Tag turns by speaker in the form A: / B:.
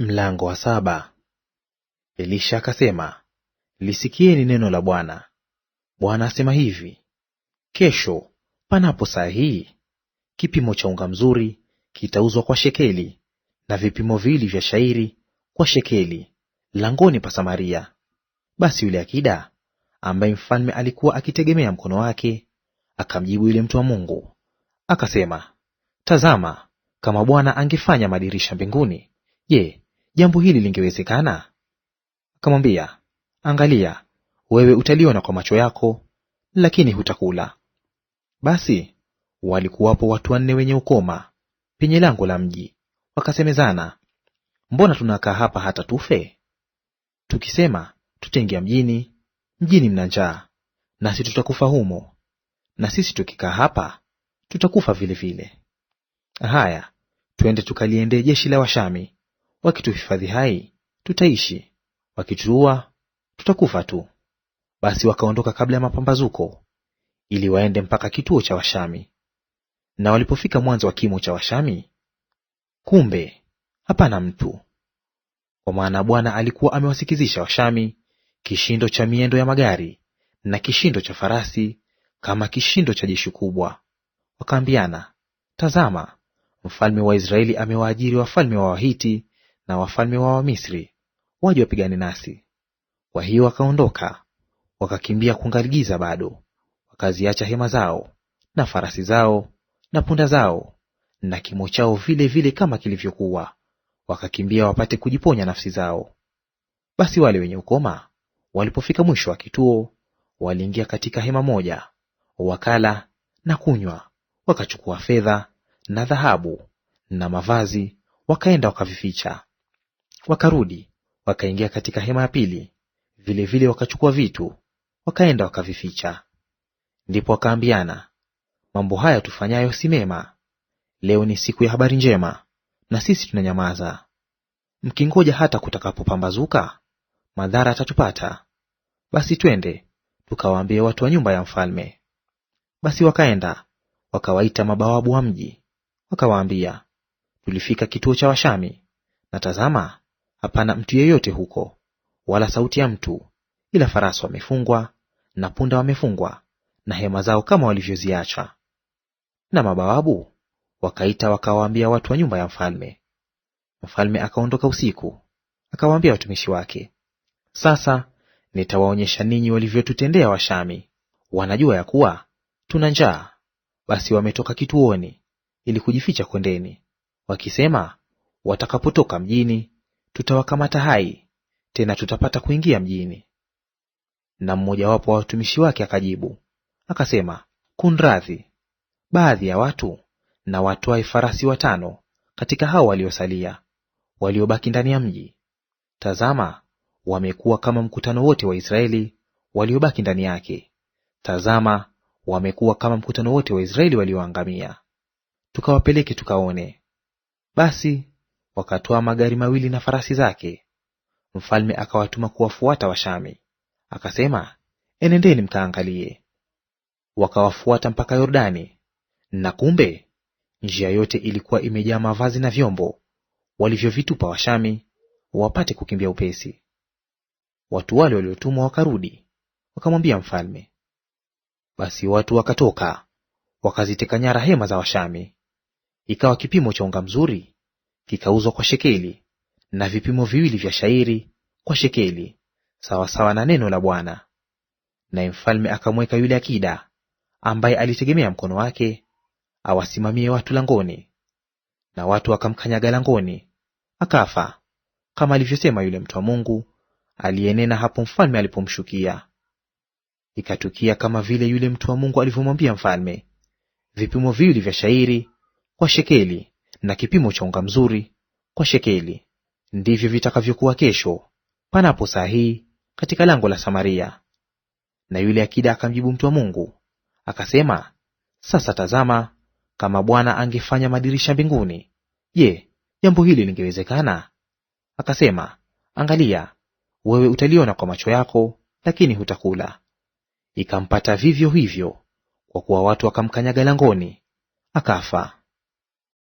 A: Mlango wa saba. Elisha akasema, lisikieni neno la Bwana. Bwana asema hivi, kesho panapo saa hii kipimo cha unga mzuri kitauzwa kwa shekeli, na vipimo viwili vya shairi kwa shekeli, langoni pa Samaria. Basi yule akida ambaye mfalme alikuwa akitegemea mkono wake, akamjibu yule mtu wa Mungu akasema, tazama, kama Bwana angefanya madirisha mbinguni, je, jambo hili lingewezekana? Akamwambia, Angalia, wewe utaliona kwa macho yako, lakini hutakula. Basi walikuwapo watu wanne wenye ukoma penye lango la mji, wakasemezana, mbona tunakaa hapa hata tufe? Tukisema tutaingia mjini, mjini mna njaa, nasi tutakufa humo; na sisi tukikaa hapa tutakufa vilevile. Haya, twende tukaliendee jeshi la Washami, Wakituhifadhi hai tutaishi, wakituua tutakufa tu. Basi wakaondoka kabla ya mapambazuko, ili waende mpaka kituo cha Washami. Na walipofika mwanzo wa kimo cha Washami, kumbe hapana mtu, kwa maana Bwana alikuwa amewasikizisha Washami kishindo cha miendo ya magari na kishindo cha farasi, kama kishindo cha jeshi kubwa. Wakaambiana, Tazama, mfalme wa Israeli amewaajiri wafalme wa Wahiti na wafalme wa Wamisri waje wapigane nasi. Kwa hiyo wakaondoka wakakimbia kungaligiza bado, wakaziacha hema zao na farasi zao na punda zao na kimo chao vile vile kama kilivyokuwa, wakakimbia wapate kujiponya nafsi zao. Basi wale wenye ukoma walipofika mwisho wa kituo, waliingia katika hema moja, wakala na kunywa, wakachukua fedha na dhahabu na mavazi, wakaenda wakavificha. Wakarudi wakaingia katika hema ya pili, vilevile wakachukua vitu, wakaenda wakavificha. Ndipo wakaambiana, mambo haya tufanyayo si mema; leo ni siku ya habari njema, na sisi tunanyamaza. Mkingoja hata kutakapopambazuka, madhara yatatupata; basi twende tukawaambie watu wa nyumba ya mfalme. Basi wakaenda wakawaita mabawabu wa mji, wakawaambia, tulifika kituo cha Washami, na tazama, hapana mtu yeyote huko, wala sauti ya mtu, ila farasi wamefungwa na punda wamefungwa, na hema zao kama walivyoziacha. Na mabawabu wakaita wakawaambia watu wa nyumba ya mfalme. Mfalme akaondoka usiku, akawaambia watumishi wake, sasa nitawaonyesha ninyi walivyotutendea Washami. Wanajua ya kuwa tuna njaa, basi wametoka kituoni ili kujificha kondeni, wakisema watakapotoka mjini tutawakamata hai, tena tutapata kuingia mjini. Na mmojawapo wa watumishi wake akajibu akasema, kunradhi, baadhi ya watu na watwae farasi watano katika hao waliosalia waliobaki ndani ya mji; tazama, wamekuwa kama mkutano wote wa Israeli waliobaki ndani yake; tazama, wamekuwa kama mkutano wote wa Israeli walioangamia. Tukawapeleke tukaone. Basi wakatoa magari mawili na farasi zake. Mfalme akawatuma kuwafuata Washami, akasema, enendeni mkaangalie. Wakawafuata mpaka Yordani, na kumbe njia yote ilikuwa imejaa mavazi na vyombo walivyovitupa Washami wapate kukimbia upesi. Watu wale waliotumwa wakarudi wakamwambia mfalme. Basi watu wakatoka wakaziteka nyara hema za Washami, ikawa kipimo cha unga mzuri kikauzwa kwa shekeli, na vipimo viwili vya shairi kwa shekeli, sawasawa na neno la Bwana. Naye mfalme akamweka yule akida ambaye alitegemea mkono wake awasimamie watu langoni, na watu wakamkanyaga langoni, akafa, kama alivyosema yule mtu wa Mungu aliyenena hapo mfalme alipomshukia. Ikatukia kama vile yule mtu wa Mungu alivyomwambia mfalme, vipimo viwili vya shairi kwa shekeli, na kipimo cha unga mzuri kwa shekeli. Ndivyo vitakavyokuwa kesho panapo saa hii katika lango la Samaria. Na yule akida akamjibu mtu wa Mungu akasema, sasa tazama, kama Bwana angefanya madirisha mbinguni, je, jambo hili lingewezekana? Akasema, angalia, wewe utaliona kwa macho yako, lakini hutakula. Ikampata vivyo hivyo, kwa kuwa watu wakamkanyaga langoni, akafa.